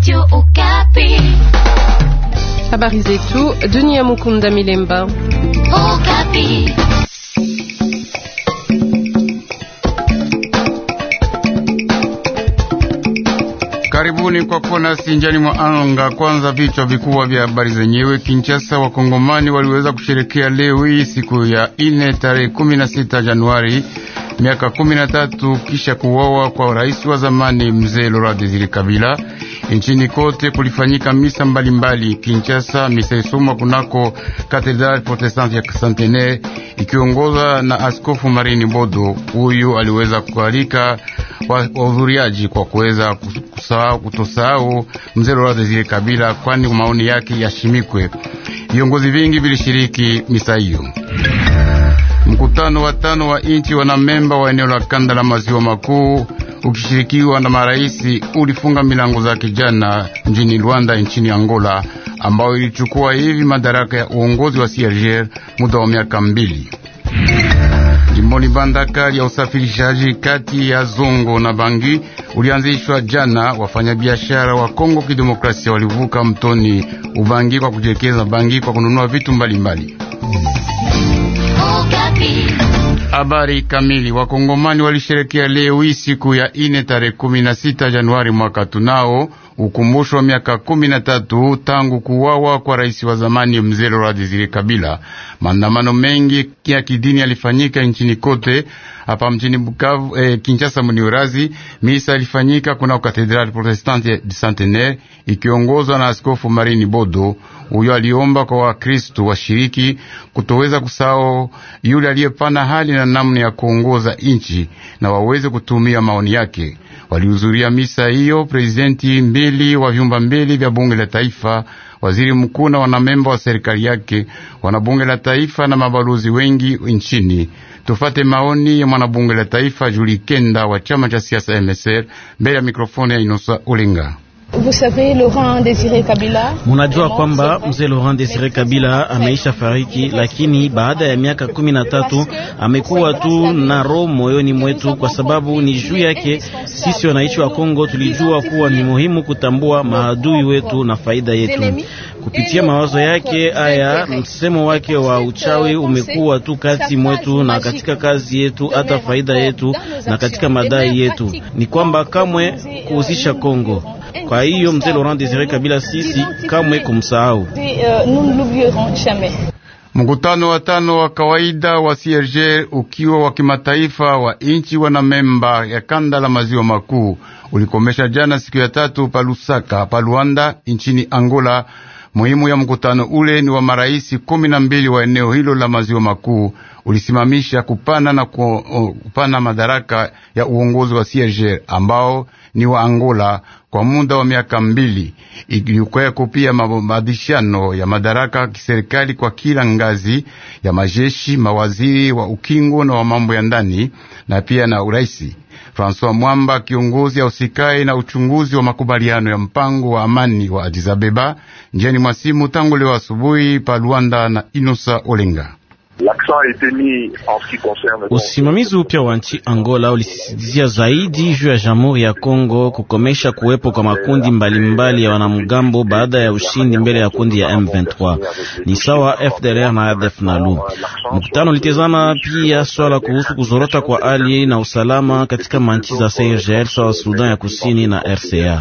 Radio Okapi. Habari zetu Dunia Mukunda Milemba. Okapi. Karibuni kwa kuwa nasi njani mwa anga. Kwanza vichwa vikubwa vya habari zenyewe. Kinshasa, wakongomani waliweza kusherekea leo hii siku ya ine tarehe 16 Januari miaka kumi na tatu kisha kuwawa kwa rais wa zamani mzee Laurent Desire Kabila. Nchini kote kulifanyika misa mbalimbali. Kinshasa, misa isomwa kunako Katedrale Protestante ya santene ikiongozwa na Askofu Marini Bodo. Huyu aliweza kualika wahudhuriaji kwa kuweza kutosahau mzee Laurent Desire Kabila, kwani maoni yake yashimikwe. Viongozi vingi vilishiriki misa hiyo. Mkutano wa tano wa inchi wana memba wa eneo la kanda la maziwa makuu ukishirikiwa na maraisi ulifunga milango zake jana mjini Luanda nchini Angola, ambao ilichukua hivi madaraka ya uongozi wa Sierger muda wa miaka mbili. Jimboni bandakari ya usafirishaji kati ya Zongo na Bangi ulianzishwa jana. Wafanyabiashara wa Kongo Kidemokrasia walivuka mtoni Ubangi kwa kujekeza Bangi kwa kununua vitu mbalimbali mbali. Habari kamili. Wakongomani walisherekea leo hii siku ya ine tarehe kumi na sita Januari mwaka tunao ukumbusho wa miaka kumi na tatu tangu kuwawa kwa rais wa zamani mzee Laurent Desire Kabila. Maandamano mengi ya kidini yalifanyika nchini kote. Hapa mjini Bukavu, eh, Kinshasa Muniurazi, misa ilifanyika kuna katedrali protestante de Centenaire ikiongozwa na askofu Marini Bodo. Huyo aliomba kwa wakristu washiriki kutoweza kusao yule aliyepana hali na namna ya kuongoza nchi na waweze kutumia maoni yake. Walihudhuria misa hiyo prezidenti mbili mbili wa vyumba mbili vya bunge la taifa, waziri mkuu na wanamemba wa serikali yake, wanabunge la taifa na mabalozi wengi nchini. Tufate maoni ya mwanabunge la taifa Juli Kenda wa chama cha siasa MSR mbele ya mikrofoni ya Inosa Ulinga. Munajua kwamba mzee Laurent Desire Kabila ameisha fariki, lakini baada ya miaka kumi na tatu amekuwa tu na roho moyoni mwetu, kwa sababu ni juu yake sisi wananchi wa Kongo tulijua kuwa ni muhimu kutambua maadui wetu na faida yetu. Kupitia mawazo yake haya, msemo wake wa uchawi umekuwa tu kati mwetu na katika kazi yetu, hata faida yetu na katika madai yetu, ni kwamba kamwe kuhusisha Kongo. Kwa hiyo mzee Laurent Desire Kabila sisi kamwe kumsahau. Mkutano wa tano wa kawaida wa CRG ukiwa wa kimataifa wa inchi wana memba ya kanda la maziwa makuu ulikomesha jana siku ya tatu pa Lusaka pa Luanda nchini Angola. Muhimu ya mkutano ule ni wa maraisi kumi na mbili wa eneo hilo la maziwa makuu ulisimamisha kupana na kupana madaraka ya uongozi wa CRG ambao ni wa Angola kwa muda wa miaka mbili. Ilikweko pia mabadilishano ya madaraka kiserikali kwa kila ngazi ya majeshi, mawaziri wa ukingo na wa mambo ya ndani na pia na uraisi. François Mwamba, kiongozi usikai na uchunguzi wa makubaliano ya mpango wa amani wa Addis Ababa, njiani mwa simu tangu leo asubuhi pa Luanda na Inosa Olenga. Usimamizi upya wa nchi Angola ulisisitizia zaidi juu ya Jamhuri ya Kongo kukomesha kuwepo kwa makundi mbalimbali mbali ya wanamgambo baada ya ushindi mbele ya kundi ya M23 ni sawa FDLR na ADF NALU. Mkutano ulitazama pia swala kuhusu kuzorota kwa hali na usalama katika manchi za CIRGL sawa Sudan ya Kusini na RCA.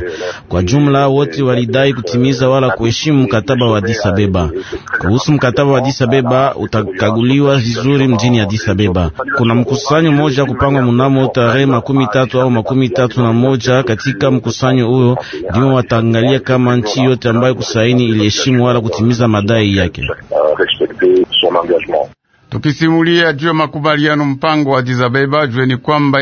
Kwa jumla, wote walidai kutimiza wala kuheshimu mkataba wa Addis Ababa. Kuhusu mkataba wa Addis Ababa utakaguliwa kuchukuliwa vizuri mjini Addis Abeba. Kuna mkusanyo mmoja kupangwa mnamo tarehe makumi tatu au makumi tatu na moja. Katika mkusanyo huyo ndio wataangalia kama nchi yote ambayo kusaini iliheshimu wala kutimiza madai yake. Tukisimulia juu ya makubaliano mpango wa Addis Ababa, jueni kwamba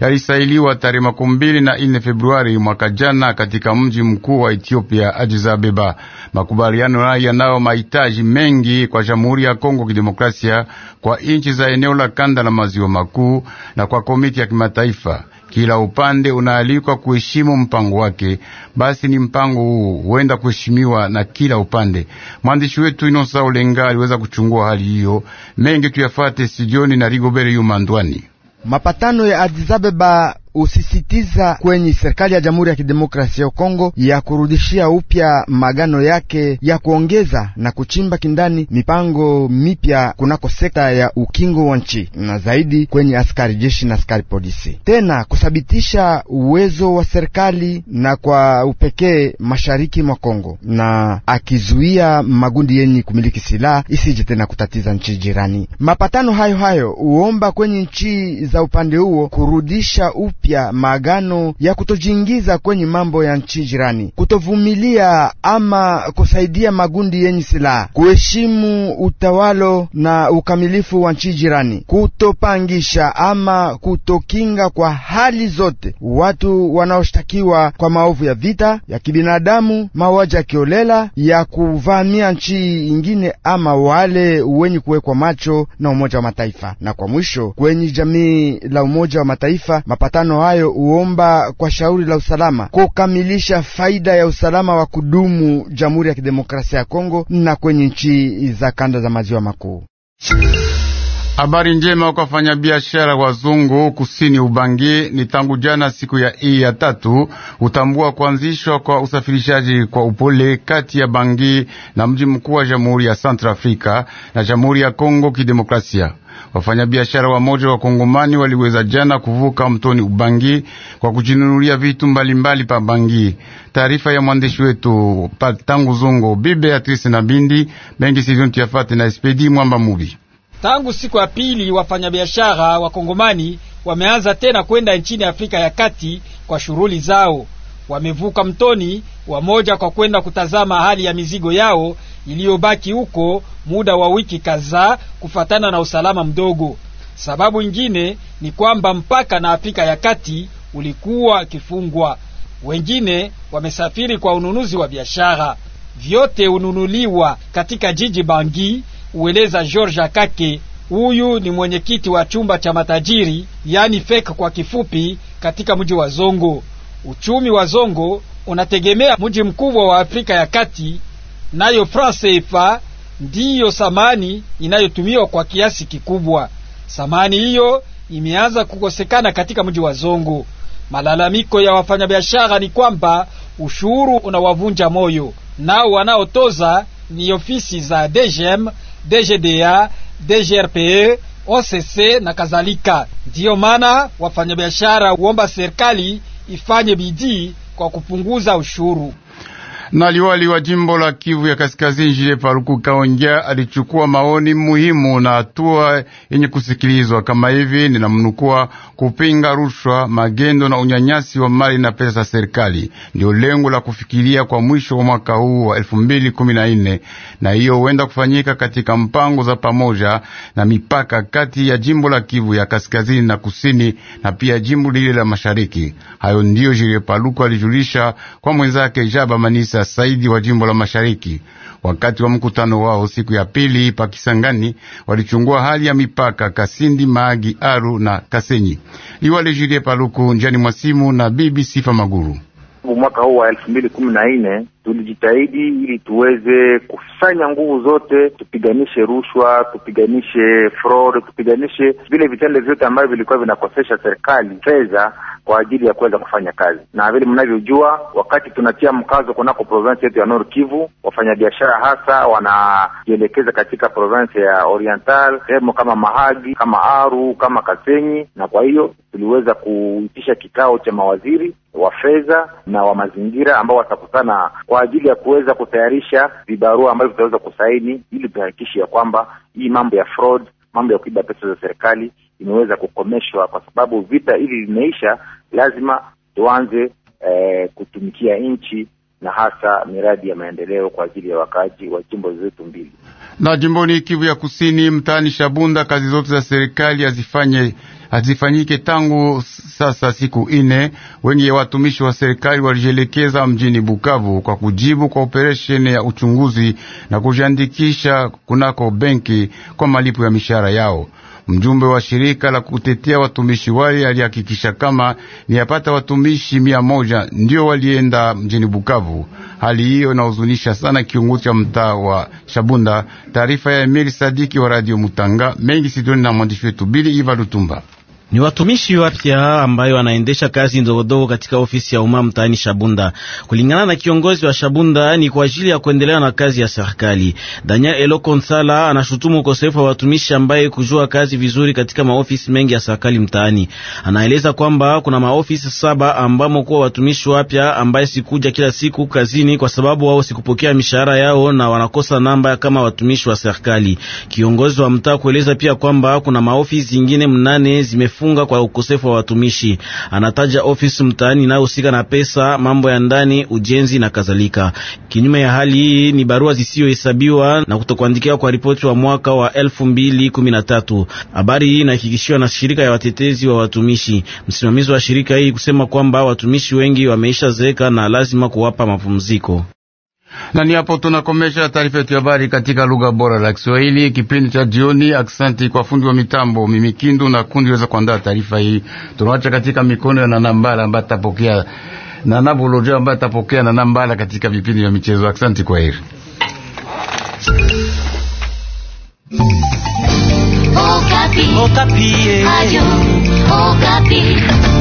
yalisailiwa yali tarehe makumi mbili na ine Februari mwaka jana katika mji mkuu wa Ethiopia, Addis Ababa. Makubaliano haya yanayo mahitaji mengi kwa Jamhuri ya Kongo Kidemokrasia, kwa nchi za eneo la kanda la maziwa makuu na kwa komiti ya kimataifa. Kila upande unaalikwa kuheshimu mpango wake. Basi ni mpango huu huenda kuheshimiwa na kila upande. Mwandishi wetu Inosa Ulenga aliweza kuchungua hali hiyo. Mengi tuyafate sijoni na Rigobert Yumandwani. Mapatano ya Addis Ababa usisitiza kwenye serikali ya Jamhuri ya Kidemokrasia ya Kongo ya kurudishia upya magano yake ya kuongeza na kuchimba kindani mipango mipya kunako sekta ya ukingo wa nchi na zaidi kwenye askari jeshi na askari polisi, tena kusabitisha uwezo wa serikali na kwa upekee mashariki mwa Kongo, na akizuia magundi yenye kumiliki silaha isije tena kutatiza nchi jirani. Mapatano hayo hayo uomba kwenye nchi za upande huo kurudisha upya mapya maagano ya kutojiingiza kwenye mambo ya nchi jirani, kutovumilia ama kusaidia magundi yenye silaha, kuheshimu utawalo na ukamilifu wa nchi jirani, kutopangisha ama kutokinga kwa hali zote watu wanaoshtakiwa kwa maovu ya vita ya kibinadamu, mauaji ya kiolela, ya kuvamia nchi ingine ama wale wenye kuwekwa macho na Umoja wa Mataifa, na kwa mwisho kwenye jamii la Umoja wa Mataifa mapatano maandamano hayo huomba kwa shauri la usalama kukamilisha faida ya usalama wa kudumu Jamhuri ya Kidemokrasia ya Kongo na kwenye nchi za kanda za maziwa makuu. Habari njema kwa wafanyabiashara wazungu kusini Ubangi ni tangu jana siku ya ii ya tatu utambua kuanzishwa kwa usafirishaji kwa upole kati ya Bangi na mji mkuu wa Jamhuri ya Central Afrika na Jamhuri ya Kongo Kidemokrasia. Wafanyabiashara wamoja wa Kongomani waliweza jana kuvuka mtoni Ubangi kwa kujinunulia vitu mbalimbali pa Bangi. Taarifa ya mwandishi wetu Patangu zungo Bibe Atrisi na Bindi Bengi Sivyo Tiafate na Espedi Mwamba Mubi. Tangu siku ya pili wafanyabiashara wa Kongomani wameanza tena kwenda nchini Afrika ya Kati kwa shughuli zao. Wamevuka mtoni wamoja kwa kwenda kutazama hali ya mizigo yao iliyobaki huko muda wa wiki kadhaa kufatana na usalama mdogo. Sababu ingine ni kwamba mpaka na Afrika ya Kati ulikuwa kifungwa. Wengine wamesafiri kwa ununuzi wa biashara, vyote ununuliwa katika jiji Bangui, ueleza George Akake. Huyu ni mwenyekiti wa chumba cha matajiri yani fek kwa kifupi, katika mji wa Zongo. Uchumi wa Zongo unategemea mji mkubwa wa Afrika ya Kati nayo franc ndiyo samani inayotumiwa kwa kiasi kikubwa. Samani hiyo imeanza kukosekana katika mji wa Zongo. Malalamiko ya wafanyabiashara ni kwamba ushuru unawavunja moyo, nao wanaotoza ni ofisi za DGM, DGDA, DGRPE, OCC na kadhalika. Ndiyo maana wafanyabiashara huomba serikali ifanye bidii kwa kupunguza ushuru na liwali wa jimbo la Kivu ya Kaskazini Jile Paluku Kaongea alichukua maoni muhimu na hatua yenye kusikilizwa kama hivi, ninamnukua: kupinga rushwa, magendo na unyanyasi wa mali na pesa za serikali ndio lengo la kufikiria kwa mwisho wa mwaka huu wa 2014 na hiyo huenda kufanyika katika mpango za pamoja na mipaka kati ya jimbo la Kivu ya Kaskazini na Kusini na pia jimbo lile la Mashariki. Hayo ndiyo Jile Paluku alijulisha kwa mwenzake Jaba Manisa Saidi wa jimbo la Mashariki. Wakati wa mkutano wao siku ya pili pa Kisangani, walichungua hali ya mipaka Kasindi, Maagi, Aru na Kasenyi. Liwale Julie Paluku njani mwa simu na BBC Famaguru. Maguru mwaka huu wa elfu mbili kumi na nne tulijitahidi ili tuweze kusanya nguvu zote, tupiganishe rushwa, tupiganishe fraud, tupiganishe vile vitendo vyote ambavyo vilikuwa vinakosesha serikali fedha kwa ajili ya kuweza kufanya kazi. Na vile mnavyojua, wakati tunatia mkazo kunako province yetu ya Nord Kivu, wafanyabiashara hasa wanajielekeza katika province ya Oriental, sehemu kama Mahagi, kama Aru, kama Kasenyi, na kwa hiyo tuliweza kuitisha kikao cha mawaziri wa fedha na wa mazingira ambao watakutana kwa ajili ya kuweza kutayarisha vibarua ambavyo vitaweza kusaini ili vihakikishe ya kwamba hii mambo ya fraud, mambo ya kuiba pesa za serikali imeweza kukomeshwa, kwa sababu vita hili limeisha, lazima tuanze eh, kutumikia nchi na hasa miradi ya maendeleo kwa ajili ya wakaaji wa jimbo zetu mbili. Na jimboni Kivu ya Kusini, mtaani Shabunda, kazi zote za serikali hazifanye hazifanyike tangu sasa siku ine. Wengi ya watumishi wa serikali walijielekeza mjini Bukavu kwa kujibu kwa operesheni ya uchunguzi na kujiandikisha kunako benki kwa malipo ya mishahara yao. Mjumbe wa shirika la kutetea watumishi wale alihakikisha kama ni apata watumishi mia moja ndio walienda mjini Bukavu. Hali hiyo inahuzunisha sana kiongozi cha mtaa wa Shabunda. Taarifa ya Emeli Sadiki wa Radio Mutanga mengi sidoni na mwandishi wetu Bili Iva Lutumba. Ni watumishi wapya ambayo wanaendesha kazi ndogodogo katika ofisi ya umma mtaani Shabunda. Kulingana na kiongozi wa Shabunda, ni kwa ajili ya kuendelea na kazi ya serikali. Daniel Eloko Nsala anashutumu ukosefu wa watumishi ambaye kujua kazi vizuri katika maofisi mengi ya serikali mtaani. Anaeleza kwamba kuna maofisi saba ambamo kuwa watumishi wapya ambaye sikuja kila siku kazini kwa sababu wao sikupokea mishahara yao na wanakosa namba kama watumishi wa serikali. Kiongozi wa mtaa kueleza pia kwamba kuna maofisi zingine mnane zime kufunga kwa ukosefu wa watumishi. Anataja ofisi mtaani inayohusika na pesa, mambo ya ndani, ujenzi na kadhalika. Kinyume ya hali hii ni barua zisiyohesabiwa na kutokuandikiwa kwa ripoti wa mwaka wa elfu mbili 2013. Habari hii inahakikishiwa na shirika ya watetezi wa watumishi. Msimamizi wa shirika hii kusema kwamba watumishi wengi wameisha zeeka na lazima kuwapa mapumziko. Na ni hapo tunakomesha taarifa yetu ya habari katika lugha bora la Kiswahili, kipindi cha jioni. Aksanti kwa fundi wa mitambo Mimikindu na kundi weza kuandaa taarifa hii. Tunawacha katika mikono ya Nanambala ambaye atapokea na Nabolojo ambaye atapokea na Nambala katika vipindi vya michezo. Aksanti kwa heri. Okapi. Okapi. Eh. Ayo. Okapi.